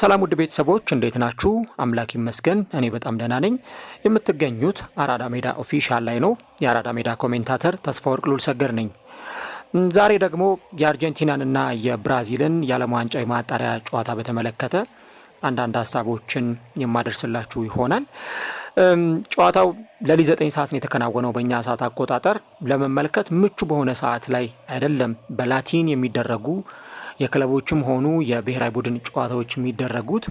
ሰላም ውድ ቤተሰቦች እንዴት ናችሁ? አምላክ ይመስገን እኔ በጣም ደህና ነኝ። የምትገኙት አራዳ ሜዳ ኦፊሻል ላይ ነው። የአራዳ ሜዳ ኮሜንታተር ተስፋ ወርቅ ሉል ሰገር ነኝ። ዛሬ ደግሞ የአርጀንቲናን የብራዚልን የዓለም ዋንጫ የማጣሪያ ጨዋታ በተመለከተ አንዳንድ ሀሳቦችን የማደርስላችሁ ይሆናል። ጨዋታው ለሊ ዘጠኝ ሰዓት ነው የተከናወነው በእኛ ሰዓት አቆጣጠር። ለመመልከት ምቹ በሆነ ሰዓት ላይ አይደለም። በላቲን የሚደረጉ የክለቦችም ሆኑ የብሔራዊ ቡድን ጨዋታዎች የሚደረጉት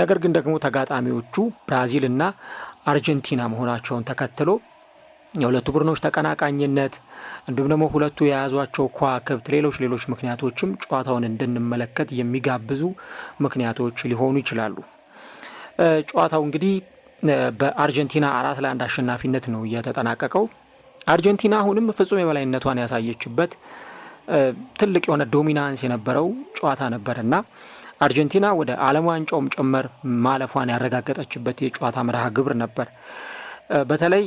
ነገር ግን ደግሞ ተጋጣሚዎቹ ብራዚል እና አርጀንቲና መሆናቸውን ተከትሎ የሁለቱ ቡድኖች ተቀናቃኝነት እንዲሁም ደግሞ ሁለቱ የያዟቸው ከዋክብት፣ ሌሎች ሌሎች ምክንያቶችም ጨዋታውን እንድንመለከት የሚጋብዙ ምክንያቶች ሊሆኑ ይችላሉ። ጨዋታው እንግዲህ በአርጀንቲና አራት ለአንድ አሸናፊነት ነው የተጠናቀቀው። አርጀንቲና አሁንም ፍጹም የበላይነቷን ያሳየችበት ትልቅ የሆነ ዶሚናንስ የነበረው ጨዋታ ነበር እና አርጀንቲና ወደ ዓለም ዋንጫውም ጭምር ማለፏን ያረጋገጠችበት የጨዋታ መርሃ ግብር ነበር። በተለይ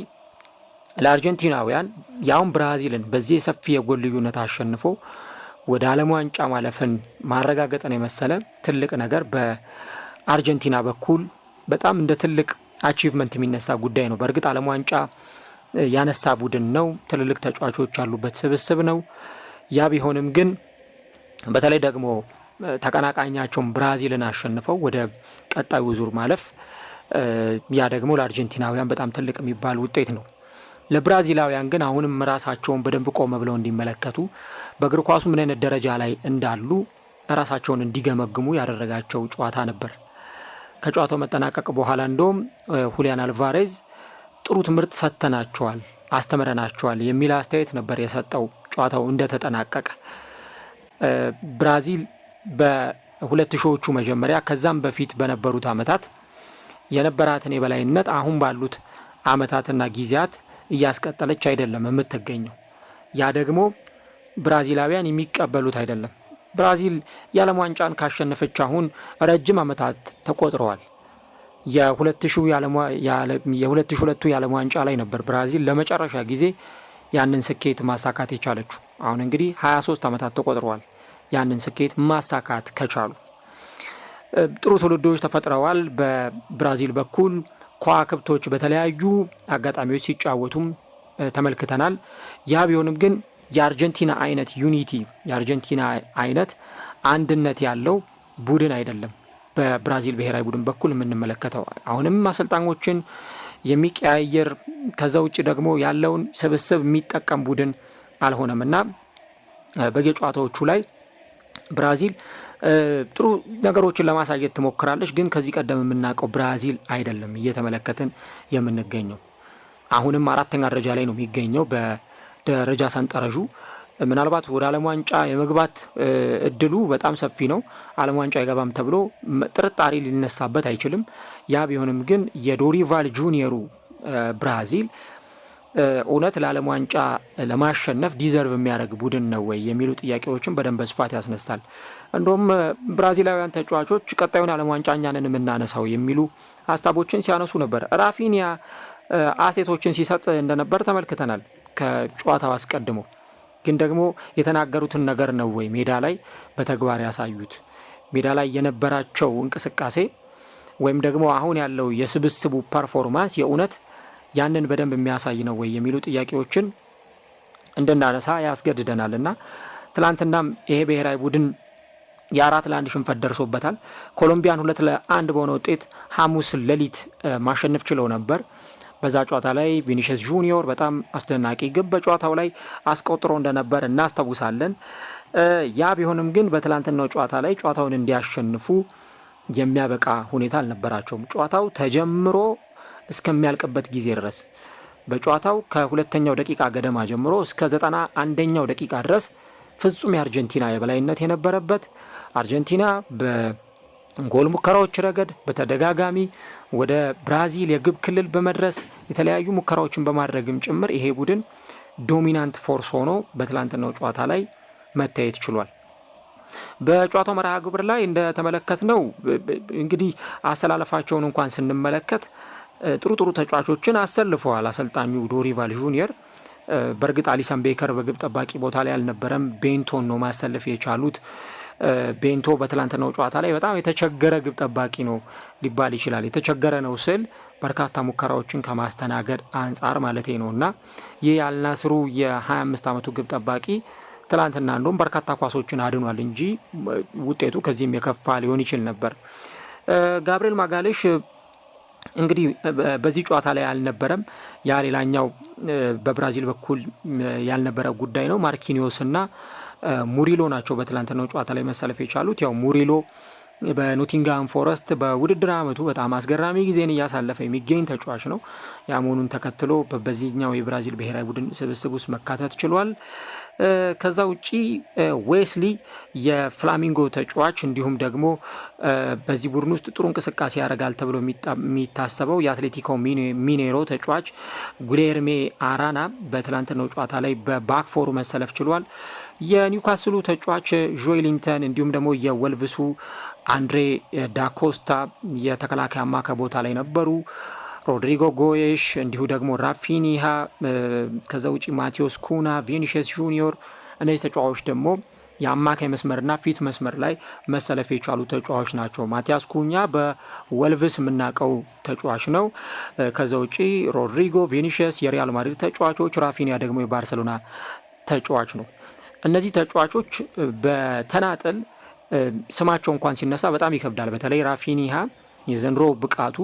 ለአርጀንቲናውያን ያሁን ብራዚልን በዚህ ሰፊ የጎል ልዩነት አሸንፎ ወደ ዓለም ዋንጫ ማለፍን ማረጋገጥን የመሰለ ትልቅ ነገር በአርጀንቲና በኩል በጣም እንደ ትልቅ አቺቭመንት የሚነሳ ጉዳይ ነው። በእርግጥ ዓለም ዋንጫ ያነሳ ቡድን ነው። ትልልቅ ተጫዋቾች ያሉበት ስብስብ ነው። ያ ቢሆንም ግን በተለይ ደግሞ ተቀናቃኛቸውን ብራዚልን አሸንፈው ወደ ቀጣዩ ዙር ማለፍ ያ ደግሞ ለአርጀንቲናውያን በጣም ትልቅ የሚባል ውጤት ነው። ለብራዚላውያን ግን አሁንም ራሳቸውን በደንብ ቆመ ብለው እንዲመለከቱ በእግር ኳሱ ምን አይነት ደረጃ ላይ እንዳሉ ራሳቸውን እንዲገመግሙ ያደረጋቸው ጨዋታ ነበር። ከጨዋታው መጠናቀቅ በኋላ እንደውም ሁሊያን አልቫሬዝ ጥሩ ትምህርት ሰጥተናቸዋል አስተምረናቸዋል የሚል አስተያየት ነበር የሰጠው። ጨዋታው እንደተጠናቀቀ ብራዚል በሁለት ሺዎቹ መጀመሪያ ከዛም በፊት በነበሩት አመታት የነበራትን የበላይነት አሁን ባሉት አመታትና ጊዜያት እያስቀጠለች አይደለም የምትገኘው። ያ ደግሞ ብራዚላውያን የሚቀበሉት አይደለም። ብራዚል የዓለም ዋንጫን ካሸነፈች አሁን ረጅም አመታት ተቆጥረዋል። የ2002ቱ የዓለም ዋንጫ ላይ ነበር ብራዚል ለመጨረሻ ጊዜ ያንን ስኬት ማሳካት የቻለችው። አሁን እንግዲህ 23 ዓመታት ተቆጥረዋል ያንን ስኬት ማሳካት ከቻሉ። ጥሩ ትውልዶች ተፈጥረዋል በብራዚል በኩል ከዋክብቶች በተለያዩ አጋጣሚዎች ሲጫወቱም ተመልክተናል። ያ ቢሆንም ግን የአርጀንቲና አይነት ዩኒቲ የአርጀንቲና አይነት አንድነት ያለው ቡድን አይደለም። በብራዚል ብሔራዊ ቡድን በኩል የምንመለከተው አሁንም አሰልጣኞችን የሚቀያየር ከዛ ውጭ ደግሞ ያለውን ስብስብ የሚጠቀም ቡድን አልሆነም እና በየጨዋታዎቹ ላይ ብራዚል ጥሩ ነገሮችን ለማሳየት ትሞክራለች። ግን ከዚህ ቀደም የምናውቀው ብራዚል አይደለም እየተመለከትን የምንገኘው። አሁንም አራተኛ ደረጃ ላይ ነው የሚገኘው በደረጃ ሰንጠረዡ ምናልባት ወደ ዓለም ዋንጫ የመግባት እድሉ በጣም ሰፊ ነው። ዓለም ዋንጫ አይገባም ተብሎ ጥርጣሬ ሊነሳበት አይችልም። ያ ቢሆንም ግን የዶሪቫል ጁኒየሩ ብራዚል እውነት ለዓለም ዋንጫ ለማሸነፍ ዲዘርቭ የሚያደርግ ቡድን ነው ወይ የሚሉ ጥያቄዎችን በደንብ በስፋት ያስነሳል። እንዲሁም ብራዚላውያን ተጫዋቾች ቀጣዩን ዓለም ዋንጫ እኛንን የምናነሳው የሚሉ ሀሳቦችን ሲያነሱ ነበር። ራፊኒያ አሴቶችን ሲሰጥ እንደነበር ተመልክተናል ከጨዋታው አስቀድሞ ግን ደግሞ የተናገሩትን ነገር ነው ወይ ሜዳ ላይ በተግባር ያሳዩት? ሜዳ ላይ የነበራቸው እንቅስቃሴ ወይም ደግሞ አሁን ያለው የስብስቡ ፐርፎርማንስ የእውነት ያንን በደንብ የሚያሳይ ነው ወይ የሚሉ ጥያቄዎችን እንድናነሳ ያስገድደናል እና ትላንትናም ይሄ ብሔራዊ ቡድን የአራት ለአንድ ሽንፈት ደርሶበታል። ኮሎምቢያን ሁለት ለአንድ በሆነ ውጤት ሐሙስ ሌሊት ማሸነፍ ችለው ነበር። በዛ ጨዋታ ላይ ቪኒሽስ ጁኒዮር በጣም አስደናቂ ግብ በጨዋታው ላይ አስቆጥሮ እንደነበር እናስታውሳለን። ያ ቢሆንም ግን በትላንትናው ጨዋታ ላይ ጨዋታውን እንዲያሸንፉ የሚያበቃ ሁኔታ አልነበራቸውም። ጨዋታው ተጀምሮ እስከሚያልቅበት ጊዜ ድረስ በጨዋታው ከሁለተኛው ደቂቃ ገደማ ጀምሮ እስከ ዘጠና አንደኛው ደቂቃ ድረስ ፍጹም የአርጀንቲና የበላይነት የነበረበት አርጀንቲና በጎል ሙከራዎች ረገድ በተደጋጋሚ ወደ ብራዚል የግብ ክልል በመድረስ የተለያዩ ሙከራዎችን በማድረግም ጭምር ይሄ ቡድን ዶሚናንት ፎርስ ሆኖ በትላንትናው ጨዋታ ላይ መታየት ችሏል። በጨዋታው መርሃ ግብር ላይ እንደተመለከት ነው እንግዲህ አሰላለፋቸውን እንኳን ስንመለከት ጥሩ ጥሩ ተጫዋቾችን አሰልፈዋል አሰልጣኙ ዶሪቫል ጁኒየር። በእርግጥ አሊሰን ቤከር በግብ ጠባቂ ቦታ ላይ አልነበረም። ቤንቶን ነው ማሰለፍ የቻሉት። ቤንቶ በትላንትናው ጨዋታ ላይ በጣም የተቸገረ ግብ ጠባቂ ነው ሊባል ይችላል። የተቸገረ ነው ስል በርካታ ሙከራዎችን ከማስተናገድ አንጻር ማለት ነው እና ይህ የአልናስሩ የ25 ዓመቱ ግብ ጠባቂ ትላንትና እንደውም በርካታ ኳሶችን አድኗል እንጂ ውጤቱ ከዚህም የከፋ ሊሆን ይችል ነበር። ጋብሪኤል ማጋሌሽ እንግዲህ በዚህ ጨዋታ ላይ አልነበረም። ያ ሌላኛው በብራዚል በኩል ያልነበረ ጉዳይ ነው። ማርኪኒዮስ እና ሙሪሎ ናቸው በትላንትናው ጨዋታ ላይ መሰለፍ የቻሉት። ያው ሙሪሎ በኖቲንግሃም ፎረስት በውድድር ዓመቱ በጣም አስገራሚ ጊዜን እያሳለፈ የሚገኝ ተጫዋች ነው። ያ መሆኑን ተከትሎ በዚህኛው የብራዚል ብሔራዊ ቡድን ስብስብ ውስጥ መካተት ችሏል። ከዛ ውጪ ዌስሊ የፍላሚንጎ ተጫዋች እንዲሁም ደግሞ በዚህ ቡድን ውስጥ ጥሩ እንቅስቃሴ ያደርጋል ተብሎ የሚታሰበው የአትሌቲኮ ሚኔሮ ተጫዋች ጉሌርሜ አራና በትላንትናው ጨዋታ ላይ በባክፎሩ መሰለፍ ችሏል። የኒውካስሉ ተጫዋች ጆይሊንተን እንዲሁም ደግሞ የወልቭሱ አንድሬ ዳኮስታ የተከላካይ አማካይ ቦታ ላይ ነበሩ። ሮድሪጎ ጎየሽ፣ እንዲሁ ደግሞ ራፊኒሃ፣ ከዛ ውጭ ማቴዎስ ኩና፣ ቪኒሽስ ጁኒዮር እነዚህ ተጫዋቾች ደግሞ የአማካይ መስመርና ፊት መስመር ላይ መሰለፍ የቻሉ ተጫዋች ናቸው። ማቲያስ ኩኛ በወልቭስ የምናውቀው ተጫዋች ነው። ከዛ ውጪ ሮድሪጎ፣ ቬኒሽስ የሪያል ማድሪድ ተጫዋቾች፣ ራፊኒያ ደግሞ የባርሰሎና ተጫዋች ነው። እነዚህ ተጫዋቾች በተናጠል ስማቸው እንኳን ሲነሳ በጣም ይከብዳል። በተለይ ራፊኒሃ የዘንድሮ ብቃቱ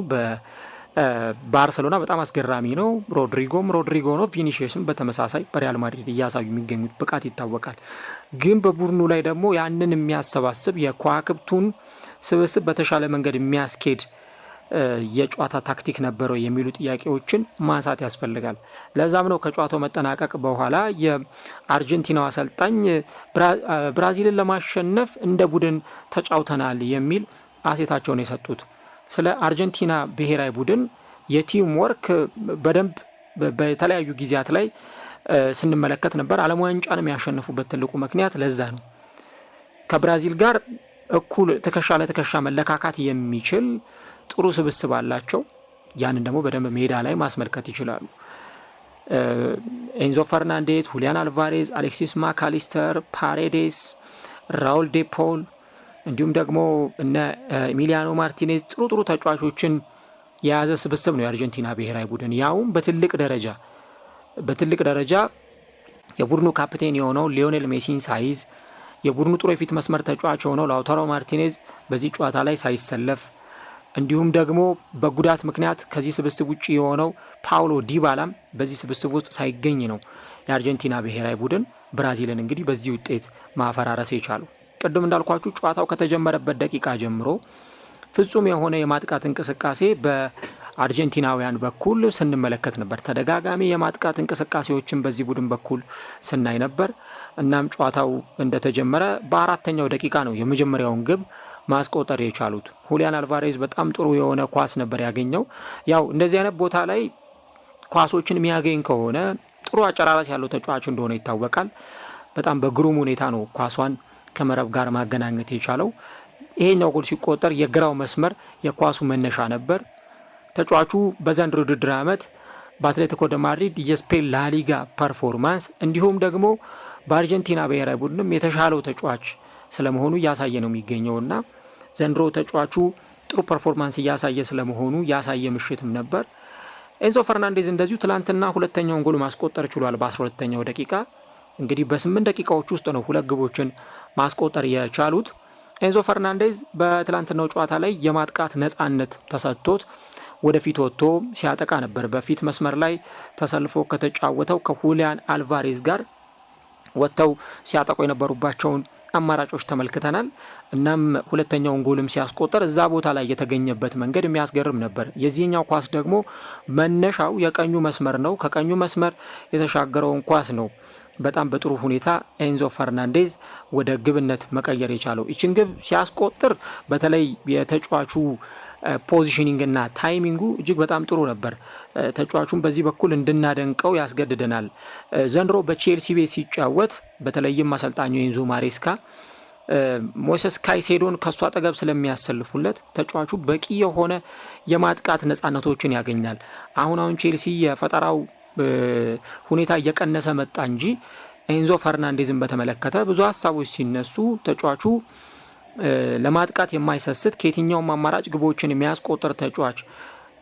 ባርሰሎና በጣም አስገራሚ ነው። ሮድሪጎም ሮድሪጎ ነው። ቪኒሽስም በተመሳሳይ በሪያል ማድሪድ እያሳዩ የሚገኙት ብቃት ይታወቃል። ግን በቡድኑ ላይ ደግሞ ያንን የሚያሰባስብ የከዋክብቱን ስብስብ በተሻለ መንገድ የሚያስኬድ የጨዋታ ታክቲክ ነበረው የሚሉ ጥያቄዎችን ማንሳት ያስፈልጋል። ለዛም ነው ከጨዋታው መጠናቀቅ በኋላ የአርጀንቲናው አሰልጣኝ ብራዚልን ለማሸነፍ እንደ ቡድን ተጫውተናል የሚል አሴታቸውን የሰጡት። ስለ አርጀንቲና ብሔራዊ ቡድን የቲም ወርክ በደንብ በተለያዩ ጊዜያት ላይ ስንመለከት ነበር። ዓለም ዋንጫንም ያሸነፉበት ትልቁ ምክንያት ለዛ ነው። ከብራዚል ጋር እኩል ትከሻ ለትከሻ መለካካት የሚችል ጥሩ ስብስብ አላቸው። ያንን ደግሞ በደንብ ሜዳ ላይ ማስመልከት ይችላሉ። ኤንዞ ፈርናንዴዝ፣ ሁሊያን አልቫሬዝ፣ አሌክሲስ ማካሊስተር፣ ፓሬዴስ፣ ራውል ዴፖል እንዲሁም ደግሞ እነ ኤሚሊያኖ ማርቲኔዝ ጥሩ ጥሩ ተጫዋቾችን የያዘ ስብስብ ነው የአርጀንቲና ብሔራዊ ቡድን ያውም በትልቅ ደረጃ በትልቅ ደረጃ የቡድኑ ካፕቴን የሆነው ሊዮኔል ሜሲን ሳይዝ የቡድኑ ጥሩ የፊት መስመር ተጫዋች የሆነው ላውታሮ ማርቲኔዝ በዚህ ጨዋታ ላይ ሳይሰለፍ እንዲሁም ደግሞ በጉዳት ምክንያት ከዚህ ስብስብ ውጭ የሆነው ፓውሎ ዲባላም በዚህ ስብስብ ውስጥ ሳይገኝ ነው የአርጀንቲና ብሔራዊ ቡድን ብራዚልን እንግዲህ በዚህ ውጤት ማፈራረስ የቻሉ። ቅድም እንዳልኳችሁ ጨዋታው ከተጀመረበት ደቂቃ ጀምሮ ፍጹም የሆነ የማጥቃት እንቅስቃሴ በአርጀንቲናውያን በኩል ስንመለከት ነበር። ተደጋጋሚ የማጥቃት እንቅስቃሴዎችን በዚህ ቡድን በኩል ስናይ ነበር። እናም ጨዋታው እንደተጀመረ በአራተኛው ደቂቃ ነው የመጀመሪያውን ግብ ማስቆጠር የቻሉት። ሁሊያን አልቫሬዝ በጣም ጥሩ የሆነ ኳስ ነበር ያገኘው። ያው እንደዚህ አይነት ቦታ ላይ ኳሶችን የሚያገኝ ከሆነ ጥሩ አጨራረስ ያለው ተጫዋች እንደሆነ ይታወቃል። በጣም በግሩም ሁኔታ ነው ኳሷን ከመረብ ጋር ማገናኘት የቻለው። ይሄኛው ጎል ሲቆጠር የግራው መስመር የኳሱ መነሻ ነበር። ተጫዋቹ በዘንድሮ ውድድር ዓመት በአትሌቲኮ ደ ማድሪድ የስፔን ላሊጋ ፐርፎርማንስ እንዲሁም ደግሞ በአርጀንቲና ብሔራዊ ቡድንም የተሻለው ተጫዋች ስለመሆኑ እያሳየ ነው የሚገኘውና ዘንድሮ ተጫዋቹ ጥሩ ፐርፎርማንስ እያሳየ ስለመሆኑ ያሳየ ምሽትም ነበር። ኤንዞ ፈርናንዴዝ እንደዚሁ ትላንትና ሁለተኛውን ጎል ማስቆጠር ችሏል በ 12 ተኛው ደቂቃ እንግዲህ በስምንት ደቂቃዎች ውስጥ ነው ሁለት ግቦችን ማስቆጠር የቻሉት። ኤንዞ ፈርናንዴዝ በትላንትናው ጨዋታ ላይ የማጥቃት ነፃነት ተሰጥቶት ወደፊት ወጥቶ ሲያጠቃ ነበር። በፊት መስመር ላይ ተሰልፎ ከተጫወተው ከሁሊያን አልቫሬዝ ጋር ወጥተው ሲያጠቁ የነበሩባቸውን አማራጮች ተመልክተናል። እናም ሁለተኛውን ጎልም ሲያስቆጠር እዛ ቦታ ላይ የተገኘበት መንገድ የሚያስገርም ነበር። የዚህኛው ኳስ ደግሞ መነሻው የቀኙ መስመር ነው። ከቀኙ መስመር የተሻገረውን ኳስ ነው በጣም በጥሩ ሁኔታ ኤንዞ ፈርናንዴዝ ወደ ግብነት መቀየር የቻለው። ይችን ግብ ሲያስቆጥር በተለይ የተጫዋቹ ፖዚሽኒንግ እና ታይሚንጉ እጅግ በጣም ጥሩ ነበር። ተጫዋቹን በዚህ በኩል እንድናደንቀው ያስገድደናል። ዘንድሮ በቼልሲ ቤት ሲጫወት በተለይም አሰልጣኙ ኤንዞ ማሬስካ ሞሰስ ካይሴዶን ከእሱ አጠገብ ስለሚያሰልፉለት ተጫዋቹ በቂ የሆነ የማጥቃት ነፃነቶችን ያገኛል። አሁን አሁን ቼልሲ የፈጠራው ሁኔታ እየቀነሰ መጣ እንጂ ኤንዞ ፈርናንዴዝን በተመለከተ ብዙ ሀሳቦች ሲነሱ ተጫዋቹ ለማጥቃት የማይሰስት ከየትኛውም አማራጭ ግቦችን የሚያስቆጥር ተጫዋች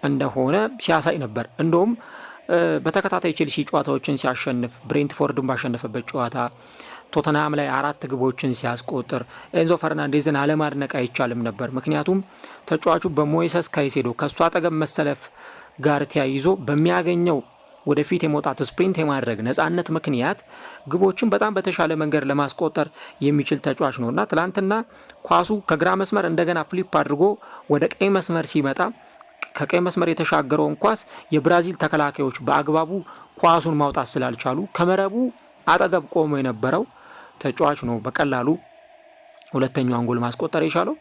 እንደሆነ ሲያሳይ ነበር። እንደውም በተከታታይ ቼልሲ ጨዋታዎችን ሲያሸንፍ፣ ብሬንትፎርድን ባሸነፈበት ጨዋታ፣ ቶተንሃም ላይ አራት ግቦችን ሲያስቆጥር ኤንዞ ፈርናንዴዝን አለማድነቅ አይቻልም ነበር። ምክንያቱም ተጫዋቹ በሞይሰስ ካይሴዶ ከእሱ አጠገብ መሰለፍ ጋር ተያይዞ በሚያገኘው ወደፊት የመውጣት ስፕሪንት የማድረግ ነጻነት ምክንያት ግቦችን በጣም በተሻለ መንገድ ለማስቆጠር የሚችል ተጫዋች ነው እና ትላንትና ኳሱ ከግራ መስመር እንደገና ፍሊፕ አድርጎ ወደ ቀኝ መስመር ሲመጣ ከቀይ መስመር የተሻገረውን ኳስ የብራዚል ተከላካዮች በአግባቡ ኳሱን ማውጣት ስላልቻሉ ከመረቡ አጠገብ ቆሞ የነበረው ተጫዋች ነው በቀላሉ ሁለተኛውን ጎል ማስቆጠር የቻለው።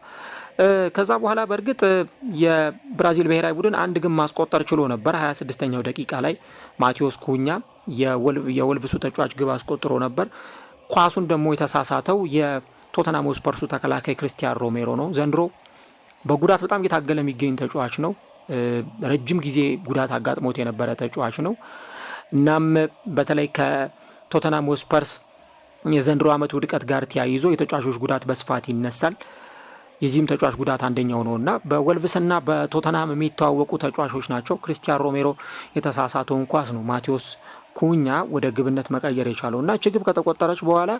ከዛ በኋላ በእርግጥ የብራዚል ብሔራዊ ቡድን አንድ ግን ማስቆጠር ችሎ ነበር። 26ኛው ደቂቃ ላይ ማቴዎስ ኩኛ የወልቭሱ ተጫዋች ግብ አስቆጥሮ ነበር። ኳሱን ደግሞ የተሳሳተው የቶተናም ስፐርሱ ተከላካይ ክርስቲያን ሮሜሮ ነው። ዘንድሮ በጉዳት በጣም እየታገለ የሚገኝ ተጫዋች ነው። ረጅም ጊዜ ጉዳት አጋጥሞት የነበረ ተጫዋች ነው። እናም በተለይ ከቶተናም ስፐርስ የዘንድሮ ዓመት ውድቀት ጋር ተያይዞ የተጫዋቾች ጉዳት በስፋት ይነሳል። የዚህም ተጫዋች ጉዳት አንደኛው ነው እና በወልቭስና በቶተናም የሚተዋወቁ ተጫዋቾች ናቸው። ክሪስቲያን ሮሜሮ የተሳሳተውን ኳስ ነው ማቴዎስ ኩኛ ወደ ግብነት መቀየር የቻለው እና እች ግብ ከተቆጠረች በኋላ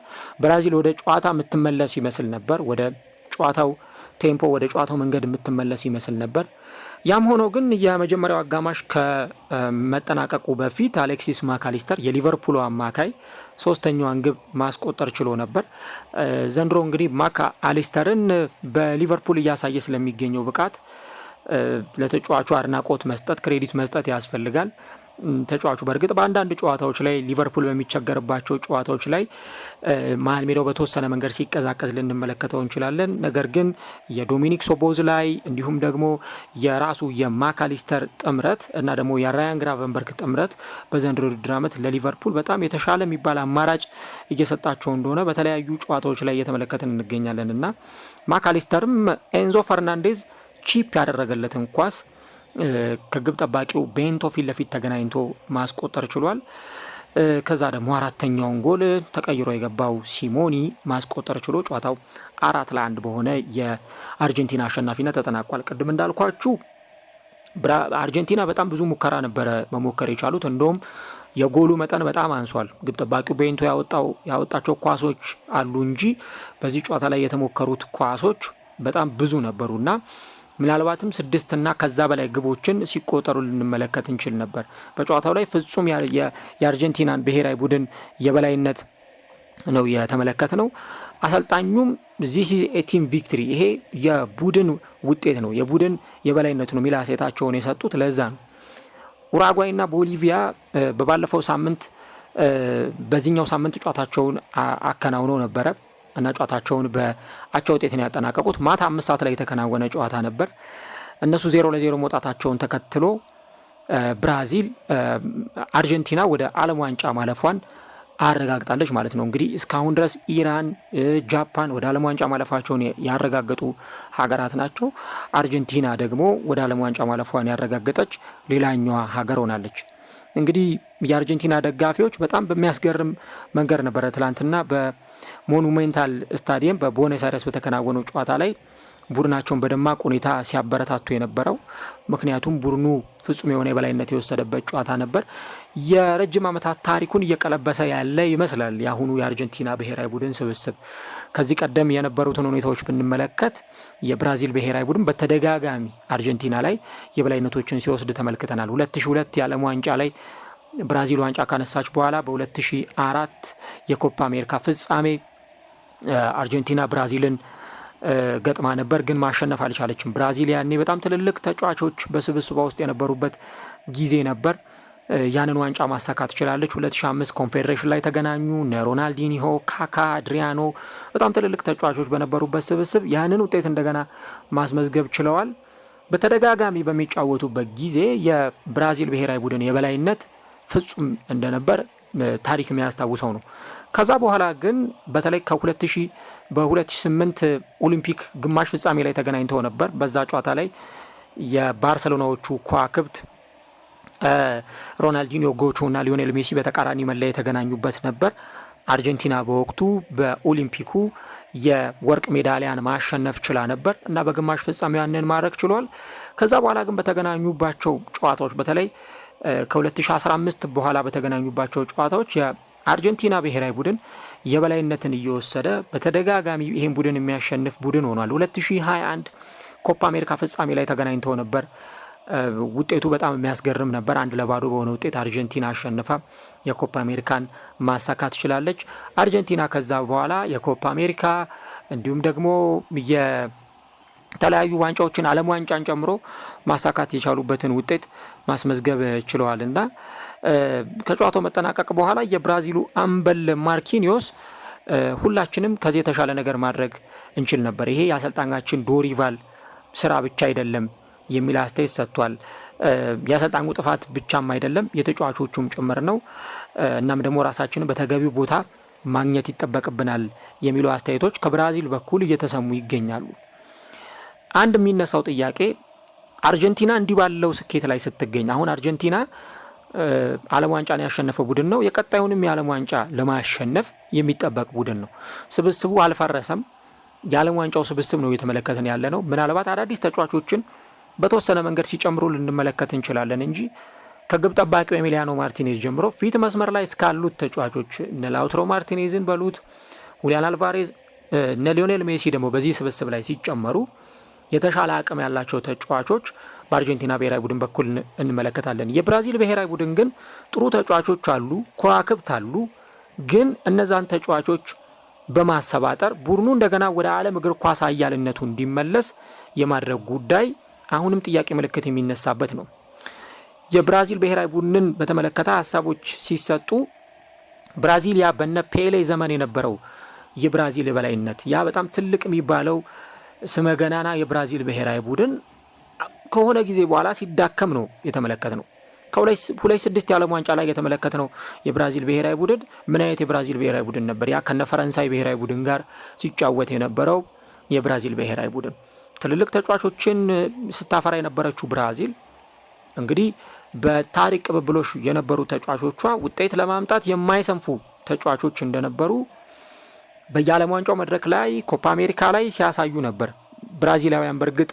ብራዚል ወደ ጨዋታ የምትመለስ ይመስል ነበር። ወደ ጨዋታው ቴምፖ፣ ወደ ጨዋታው መንገድ የምትመለስ ይመስል ነበር። ያም ሆኖ ግን የመጀመሪያው አጋማሽ ከመጠናቀቁ በፊት አሌክሲስ ማካሊስተር የሊቨርፑሉ አማካይ ሶስተኛዋን ግብ ማስቆጠር ችሎ ነበር። ዘንድሮ እንግዲህ ማካ አሊስተርን በሊቨርፑል እያሳየ ስለሚገኘው ብቃት ለተጫዋቹ አድናቆት መስጠት፣ ክሬዲት መስጠት ያስፈልጋል። ተጫዋቹ በእርግጥ በአንዳንድ ጨዋታዎች ላይ ሊቨርፑል በሚቸገርባቸው ጨዋታዎች ላይ መሀል ሜዳው በተወሰነ መንገድ ሲቀዛቀዝ ልንመለከተው እንችላለን። ነገር ግን የዶሚኒክ ሶቦዝ ላይ እንዲሁም ደግሞ የራሱ የማካሊስተር ጥምረት እና ደግሞ የራያን ግራቨንበርግ ጥምረት በዘንድሮ ውድድር ዓመት ለሊቨርፑል በጣም የተሻለ የሚባል አማራጭ እየሰጣቸው እንደሆነ በተለያዩ ጨዋታዎች ላይ እየተመለከትን እንገኛለን እና ማካሊስተርም ኤንዞ ፈርናንዴዝ ቺፕ ያደረገለትን ኳስ ከግብ ጠባቂው ቤንቶ ፊት ለፊት ተገናኝቶ ማስቆጠር ችሏል። ከዛ ደግሞ አራተኛውን ጎል ተቀይሮ የገባው ሲሞኒ ማስቆጠር ችሎ ጨዋታው አራት ለአንድ በሆነ የአርጀንቲና አሸናፊነት ተጠናቋል። ቅድም እንዳልኳችሁ አርጀንቲና በጣም ብዙ ሙከራ ነበረ መሞከር የቻሉት እንደውም የጎሉ መጠን በጣም አንሷል። ግብ ጠባቂው ቤንቶ ያወጣቸው ኳሶች አሉ እንጂ በዚህ ጨዋታ ላይ የተሞከሩት ኳሶች በጣም ብዙ ነበሩና ምናልባትም ስድስት እና ከዛ በላይ ግቦችን ሲቆጠሩ ልንመለከት እንችል ነበር። በጨዋታው ላይ ፍጹም የአርጀንቲናን ብሔራዊ ቡድን የበላይነት ነው የተመለከት ነው። አሰልጣኙም ዚስ ኢዝ ቲም ቪክትሪ፣ ይሄ የቡድን ውጤት ነው፣ የቡድን የበላይነት ነው የሚል የሰጡት ለዛ ነው። ኡራጓይና ቦሊቪያ በባለፈው ሳምንት በዚህኛው ሳምንት ጨዋታቸውን አከናውነው ነበረ። እና ጨዋታቸውን በአቻ ውጤትን ያጠናቀቁት ማታ አምስት ሰዓት ላይ የተከናወነ ጨዋታ ነበር። እነሱ ዜሮ ለዜሮ መውጣታቸውን ተከትሎ ብራዚል አርጀንቲና ወደ ዓለም ዋንጫ ማለፏን አረጋግጣለች ማለት ነው። እንግዲህ እስካሁን ድረስ ኢራን፣ ጃፓን ወደ ዓለም ዋንጫ ማለፋቸውን ያረጋገጡ ሀገራት ናቸው። አርጀንቲና ደግሞ ወደ ዓለም ዋንጫ ማለፏን ያረጋገጠች ሌላኛዋ ሀገር ሆናለች። እንግዲህ የአርጀንቲና ደጋፊዎች በጣም በሚያስገርም መንገድ ነበረ ትላንትና በሞኑሜንታል ስታዲየም በቦነስ አይረስ በተከናወነው ጨዋታ ላይ ቡድናቸውን በደማቅ ሁኔታ ሲያበረታቱ የነበረው። ምክንያቱም ቡድኑ ፍጹም የሆነ የበላይነት የወሰደበት ጨዋታ ነበር። የረጅም ዓመታት ታሪኩን እየቀለበሰ ያለ ይመስላል የአሁኑ የአርጀንቲና ብሔራዊ ቡድን ስብስብ። ከዚህ ቀደም የነበሩትን ሁኔታዎች ብንመለከት የብራዚል ብሔራዊ ቡድን በተደጋጋሚ አርጀንቲና ላይ የበላይነቶችን ሲወስድ ተመልክተናል። 2002 የዓለም ዋንጫ ላይ ብራዚል ዋንጫ ካነሳች በኋላ በ2004 የኮፓ አሜሪካ ፍጻሜ አርጀንቲና ብራዚልን ገጥማ ነበር፣ ግን ማሸነፍ አልቻለችም። ብራዚል ያኔ በጣም ትልልቅ ተጫዋቾች በስብስቧ ውስጥ የነበሩበት ጊዜ ነበር። ያንን ዋንጫ ማሳካት ትችላለች። 2005 ኮንፌዴሬሽን ላይ ተገናኙ። ሮናልዲኒሆ፣ ካካ፣ አድሪያኖ በጣም ትልልቅ ተጫዋቾች በነበሩበት ስብስብ ያንን ውጤት እንደገና ማስመዝገብ ችለዋል። በተደጋጋሚ በሚጫወቱበት ጊዜ የብራዚል ብሔራዊ ቡድን የበላይነት ፍጹም እንደነበር ታሪክ የሚያስታውሰው ነው። ከዛ በኋላ ግን በተለይ ከ2000 በ2008 ኦሊምፒክ ግማሽ ፍጻሜ ላይ ተገናኝተው ነበር። በዛ ጨዋታ ላይ የባርሰሎናዎቹ ኳክብት ሮናልዲኒዮ ጎቾ እና ሊዮኔል ሜሲ በተቃራኒ መለያ የተገናኙበት ነበር። አርጀንቲና በወቅቱ በኦሊምፒኩ የወርቅ ሜዳሊያን ማሸነፍ ችላ ነበር እና በግማሽ ፍጻሜ ያንን ማድረግ ችሏል። ከዛ በኋላ ግን በተገናኙባቸው ጨዋታዎች በተለይ ከ2015 በኋላ በተገናኙባቸው ጨዋታዎች የአርጀንቲና ብሔራዊ ቡድን የበላይነትን እየወሰደ በተደጋጋሚ ይህን ቡድን የሚያሸንፍ ቡድን ሆኗል። 2021 ኮፓ አሜሪካ ፍጻሜ ላይ ተገናኝተው ነበር። ውጤቱ በጣም የሚያስገርም ነበር። አንድ ለባዶ በሆነ ውጤት አርጀንቲና አሸንፋ የኮፓ አሜሪካን ማሳካት ችላለች። አርጀንቲና ከዛ በኋላ የኮፓ አሜሪካ እንዲሁም ደግሞ የተለያዩ ዋንጫዎችን ዓለም ዋንጫን ጨምሮ ማሳካት የቻሉበትን ውጤት ማስመዝገብ ችለዋል እና ከጨዋታው መጠናቀቅ በኋላ የብራዚሉ አምበል ማርኪኒዮስ ሁላችንም ከዚህ የተሻለ ነገር ማድረግ እንችል ነበር፣ ይሄ የአሰልጣኛችን ዶሪቫል ስራ ብቻ አይደለም የሚል አስተያየት ሰጥቷል። የአሰልጣኙ ጥፋት ብቻም አይደለም የተጫዋቾቹም ጭምር ነው። እናም ደግሞ ራሳችንን በተገቢው ቦታ ማግኘት ይጠበቅብናል የሚሉ አስተያየቶች ከብራዚል በኩል እየተሰሙ ይገኛሉ። አንድ የሚነሳው ጥያቄ አርጀንቲና እንዲህ ባለው ስኬት ላይ ስትገኝ አሁን አርጀንቲና ዓለም ዋንጫን ያሸነፈ ቡድን ነው። የቀጣዩንም የዓለም ዋንጫ ለማሸነፍ የሚጠበቅ ቡድን ነው። ስብስቡ አልፈረሰም። የዓለም ዋንጫው ስብስብ ነው እየተመለከትን ያለ ነው። ምናልባት አዳዲስ ተጫዋቾችን በተወሰነ መንገድ ሲጨምሩ ልንመለከት እንችላለን እንጂ ከግብ ጠባቂው ኤሚሊያኖ ማርቲኔዝ ጀምሮ ፊት መስመር ላይ እስካሉት ተጫዋቾች እነ ላውትሮ ማርቲኔዝን በሉት ሁሊያን አልቫሬዝ እነ ሊዮኔል ሜሲ ደግሞ በዚህ ስብስብ ላይ ሲጨመሩ የተሻለ አቅም ያላቸው ተጫዋቾች በአርጀንቲና ብሔራዊ ቡድን በኩል እንመለከታለን። የብራዚል ብሔራዊ ቡድን ግን ጥሩ ተጫዋቾች አሉ፣ ከዋክብት አሉ። ግን እነዛን ተጫዋቾች በማሰባጠር ቡድኑ እንደገና ወደ ዓለም እግር ኳስ አያልነቱ እንዲመለስ የማድረግ ጉዳይ አሁንም ጥያቄ ምልክት የሚነሳበት ነው። የብራዚል ብሔራዊ ቡድንን በተመለከተ ሀሳቦች ሲሰጡ ብራዚሊያ በነ ፔሌ ዘመን የነበረው የብራዚል የበላይነት ያ በጣም ትልቅ የሚባለው ስመገናና የብራዚል ብሔራዊ ቡድን ከሆነ ጊዜ በኋላ ሲዳከም ነው የተመለከት ነው። ሁለት ስድስት የዓለም ዋንጫ ላይ የተመለከት ነው የብራዚል ብሔራዊ ቡድን ምን አይነት የብራዚል ብሔራዊ ቡድን ነበር? ያ ከነ ፈረንሳይ ብሔራዊ ቡድን ጋር ሲጫወት የነበረው የብራዚል ብሔራዊ ቡድን ትልልቅ ተጫዋቾችን ስታፈራ የነበረችው ብራዚል እንግዲህ በታሪክ ቅብብሎች የነበሩ ተጫዋቾቿ ውጤት ለማምጣት የማይሰንፉ ተጫዋቾች እንደነበሩ በየዓለም ዋንጫው መድረክ ላይ ኮፓ አሜሪካ ላይ ሲያሳዩ ነበር። ብራዚላውያን በእርግጥ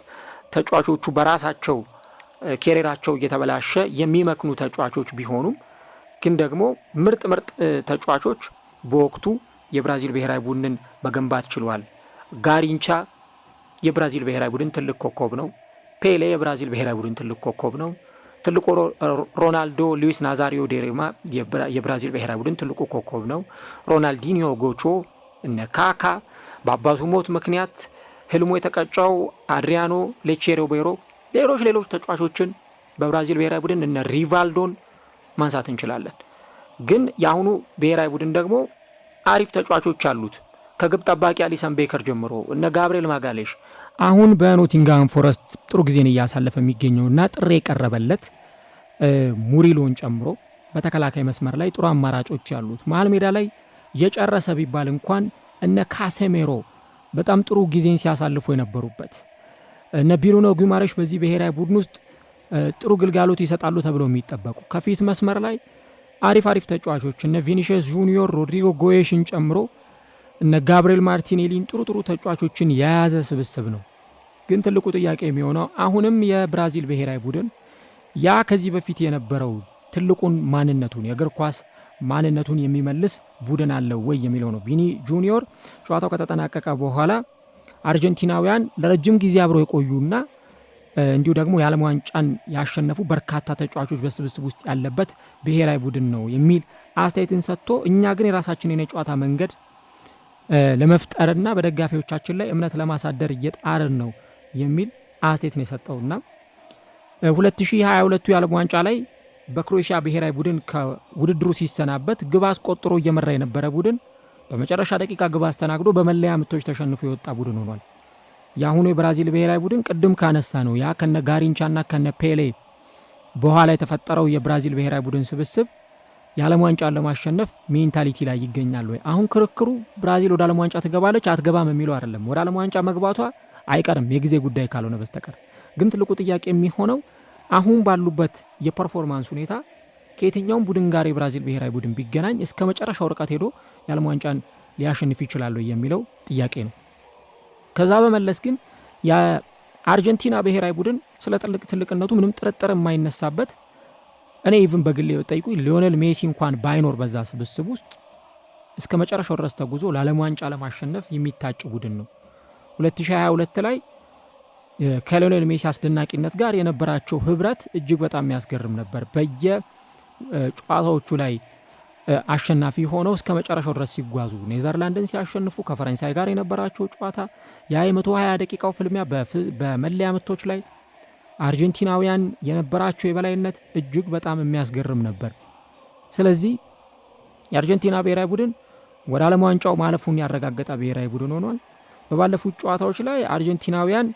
ተጫዋቾቹ በራሳቸው ኬሬራቸው እየተበላሸ የሚመክኑ ተጫዋቾች ቢሆኑም ግን ደግሞ ምርጥ ምርጥ ተጫዋቾች በወቅቱ የብራዚል ብሔራዊ ቡድንን መገንባት ችሏል። ጋሪንቻ የብራዚል ብሔራዊ ቡድን ትልቅ ኮከብ ነው። ፔሌ የብራዚል ብሔራዊ ቡድን ትልቅ ኮከብ ነው። ትልቁ ሮናልዶ ሉዊስ ናዛሪዮ ዴሬማ የብራዚል ብሔራዊ ቡድን ትልቁ ኮከብ ነው። ሮናልዲኒዮ ጎቾ እነ ካካ በአባቱ ሞት ምክንያት ህልሞ የተቀጨው አድሪያኖ ሌቼሮ ቤሮ፣ ሌሎች ሌሎች ተጫዋቾችን በብራዚል ብሔራዊ ቡድን እነ ሪቫልዶን ማንሳት እንችላለን። ግን የአሁኑ ብሔራዊ ቡድን ደግሞ አሪፍ ተጫዋቾች አሉት። ከግብ ጠባቂ አሊሰን ቤከር ጀምሮ እነ ጋብርኤል ማጋሌሽ አሁን በኖቲንጋም ፎረስት ጥሩ ጊዜን እያሳለፈ የሚገኘውና ጥሬ የቀረበለት ሙሪሎን ጨምሮ በተከላካይ መስመር ላይ ጥሩ አማራጮች ያሉት መሀል ሜዳ ላይ የጨረሰ ቢባል እንኳን እነ ካሴሜሮ በጣም ጥሩ ጊዜን ሲያሳልፉ የነበሩበት እነ ቢሩኖ ጉማሬሽ በዚህ ብሔራዊ ቡድን ውስጥ ጥሩ ግልጋሎት ይሰጣሉ ተብሎ የሚጠበቁ ከፊት መስመር ላይ አሪፍ አሪፍ ተጫዋቾች እነ ቪኒሽስ ጁኒዮር፣ ሮድሪጎ ጎዬሽን ጨምሮ እነ ጋብሪኤል ማርቲኔሊን ጥሩ ጥሩ ተጫዋቾችን የያዘ ስብስብ ነው። ግን ትልቁ ጥያቄ የሚሆነው አሁንም የብራዚል ብሔራዊ ቡድን ያ ከዚህ በፊት የነበረው ትልቁን ማንነቱን የእግር ኳስ ማንነቱን የሚመልስ ቡድን አለው ወይ የሚለው ነው። ቪኒ ጁኒዮር ጨዋታው ከተጠናቀቀ በኋላ አርጀንቲናውያን ለረጅም ጊዜ አብረው የቆዩና እንዲሁ ደግሞ የዓለም ዋንጫን ያሸነፉ በርካታ ተጫዋቾች በስብስብ ውስጥ ያለበት ብሔራዊ ቡድን ነው የሚል አስተያየትን ሰጥቶ እኛ ግን የራሳችንን የጨዋታ መንገድ ለመፍጠርና በደጋፊዎቻችን ላይ እምነት ለማሳደር እየጣርን ነው የሚል አስተያየት ነው የሰጠውና 2022 የዓለም ዋንጫ ላይ በክሮኤሽያ ብሔራዊ ቡድን ከውድድሩ ሲሰናበት ግብ አስቆጥሮ እየመራ የነበረ ቡድን በመጨረሻ ደቂቃ ግብ አስተናግዶ በመለያ ምቶች ተሸንፎ የወጣ ቡድን ሆኗል። የአሁኑ የብራዚል ብሔራዊ ቡድን ቅድም ካነሳ ነው ያ ከነ ጋሪንቻና ከነ ፔሌ በኋላ የተፈጠረው የብራዚል ብሔራዊ ቡድን ስብስብ የዓለም ዋንጫን ለማሸነፍ ሜንታሊቲ ላይ ይገኛል ወይ? አሁን ክርክሩ ብራዚል ወደ ዓለም ዋንጫ ትገባለች አትገባም የሚለው አይደለም። ወደ ዓለም ዋንጫ መግባቷ አይቀርም የጊዜ ጉዳይ ካልሆነ በስተቀር ግን ትልቁ ጥያቄ የሚሆነው አሁን ባሉበት የፐርፎርማንስ ሁኔታ ከየትኛውም ቡድን ጋር የብራዚል ብሔራዊ ቡድን ቢገናኝ እስከ መጨረሻው ርቀት ሄዶ የዓለም ዋንጫን ሊያሸንፍ ይችላሉ የሚለው ጥያቄ ነው። ከዛ በመለስ ግን የአርጀንቲና ብሔራዊ ቡድን ስለ ጥልቅ ትልቅነቱ ምንም ጥርጥር የማይነሳበት እኔ ኢቭን በግሌ በጠይቁ ሊዮኔል ሜሲ እንኳን ባይኖር በዛ ስብስብ ውስጥ እስከ መጨረሻው ድረስ ተጉዞ ለዓለም ዋንጫ ለማሸነፍ የሚታጭ ቡድን ነው። 2022 ላይ ከሊዮኔል ሜሲ አስደናቂነት ጋር የነበራቸው ህብረት እጅግ በጣም የሚያስገርም ነበር። በየ ጨዋታዎቹ ላይ አሸናፊ ሆነው እስከ መጨረሻው ድረስ ሲጓዙ ኔዘርላንድን ሲያሸንፉ ከፈረንሳይ ጋር የነበራቸው ጨዋታ ያ የ120 ደቂቃው ፍልሚያ በመለያ ምቶች ላይ አርጀንቲናውያን የነበራቸው የበላይነት እጅግ በጣም የሚያስገርም ነበር። ስለዚህ የአርጀንቲና ብሔራዊ ቡድን ወደ ዓለም ዋንጫው ማለፉን ያረጋገጠ ብሔራዊ ቡድን ሆኗል። በባለፉት ጨዋታዎች ላይ አርጀንቲናውያን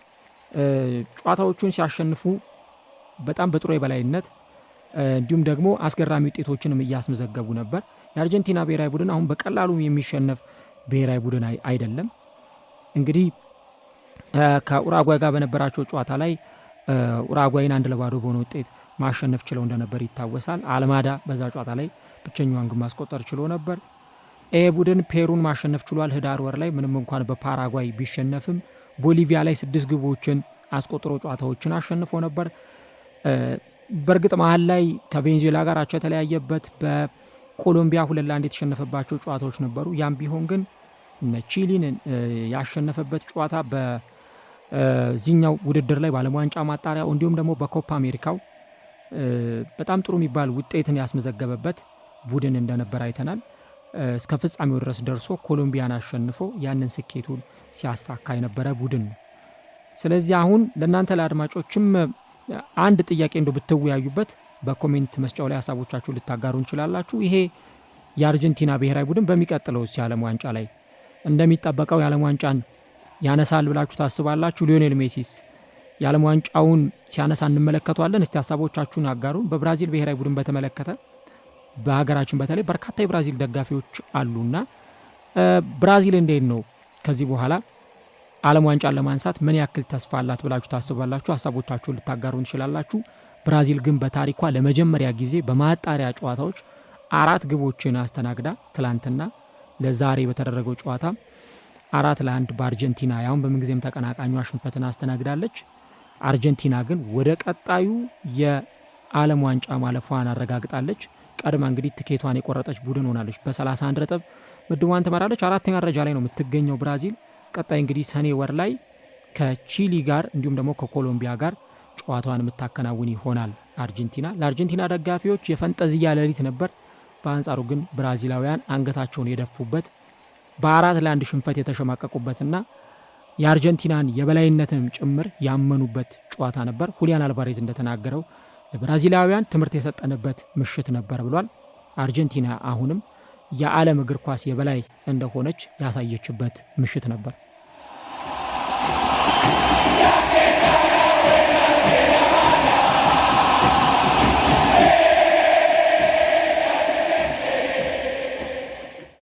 ጨዋታዎቹን ሲያሸንፉ በጣም በጥሩ የበላይነት እንዲሁም ደግሞ አስገራሚ ውጤቶችንም እያስመዘገቡ ነበር። የአርጀንቲና ብሔራዊ ቡድን አሁን በቀላሉ የሚሸነፍ ብሔራዊ ቡድን አይደለም። እንግዲህ ከኡራጓይ ጋር በነበራቸው ጨዋታ ላይ ኡራጓይን አንድ ለባዶ በሆነ ውጤት ማሸነፍ ችለው እንደነበር ይታወሳል። አልማዳ በዛ ጨዋታ ላይ ብቸኛዋን ግብ ማስቆጠር ችሎ ነበር። ኤ ቡድን ፔሩን ማሸነፍ ችሏል። ህዳር ወር ላይ ምንም እንኳን በፓራጓይ ቢሸነፍም ቦሊቪያ ላይ ስድስት ግቦችን አስቆጥሮ ጨዋታዎችን አሸንፎ ነበር። በእርግጥ መሀል ላይ ከቬንዙዌላ ጋር አቻ የተለያየበት በኮሎምቢያ ሁለት ለአንድ የተሸነፈባቸው ጨዋታዎች ነበሩ። ያም ቢሆን ግን እነ ቺሊን ያሸነፈበት ጨዋታ በዚህኛው ውድድር ላይ በዓለም ዋንጫ ማጣሪያው እንዲሁም ደግሞ በኮፓ አሜሪካው በጣም ጥሩ የሚባል ውጤትን ያስመዘገበበት ቡድን እንደነበር አይተናል። እስከ ፍጻሜው ድረስ ደርሶ ኮሎምቢያን አሸንፎ ያንን ስኬቱን ሲያሳካ የነበረ ቡድን ነው። ስለዚህ አሁን ለእናንተ ለአድማጮችም አንድ ጥያቄ እንደ ብትወያዩበት በኮሜንት መስጫው ላይ ሀሳቦቻችሁ ልታጋሩ እንችላላችሁ። ይሄ የአርጀንቲና ብሔራዊ ቡድን በሚቀጥለው ሲ የዓለም ዋንጫ ላይ እንደሚጠበቀው የዓለም ዋንጫን ያነሳል ብላችሁ ታስባላችሁ? ሊዮኔል ሜሲስ የዓለም ዋንጫውን ሲያነሳ እንመለከተዋለን? እስቲ ሀሳቦቻችሁን አጋሩን። በብራዚል ብሔራዊ ቡድን በተመለከተ በሀገራችን በተለይ በርካታ የብራዚል ደጋፊዎች አሉና ብራዚል እንዴት ነው ከዚህ በኋላ ዓለም ዋንጫን ለማንሳት ምን ያክል ተስፋ አላት ብላችሁ ታስባላችሁ? ሀሳቦቻችሁን ልታጋሩ ትችላላችሁ። ብራዚል ግን በታሪኳ ለመጀመሪያ ጊዜ በማጣሪያ ጨዋታዎች አራት ግቦችን አስተናግዳ ትላንትና ለዛሬ በተደረገው ጨዋታ አራት ለአንድ በአርጀንቲና ያሁን በምንጊዜም ተቀናቃኟ ሽንፈትን አስተናግዳለች። አርጀንቲና ግን ወደ ቀጣዩ የዓለም ዋንጫ ማለፏን አረጋግጣለች። ቀድማ እንግዲህ ትኬቷን የቆረጠች ቡድን ሆናለች። በ31 ነጥብ ምድቧን ትመራለች። አራተኛ ደረጃ ላይ ነው የምትገኘው ብራዚል። ቀጣይ እንግዲህ ሰኔ ወር ላይ ከቺሊ ጋር እንዲሁም ደግሞ ከኮሎምቢያ ጋር ጨዋታዋን የምታከናውን ይሆናል። አርጀንቲና ለአርጀንቲና ደጋፊዎች የፈንጠዝያ ሌሊት ነበር። በአንጻሩ ግን ብራዚላውያን አንገታቸውን የደፉበት በአራት ለአንድ ሽንፈት የተሸማቀቁበትና የአርጀንቲናን የበላይነትንም ጭምር ያመኑበት ጨዋታ ነበር። ሁሊያን አልቫሬዝ እንደተናገረው ለብራዚላውያን ትምህርት የሰጠንበት ምሽት ነበር ብሏል። አርጀንቲና አሁንም የዓለም እግር ኳስ የበላይ እንደሆነች ያሳየችበት ምሽት ነበር።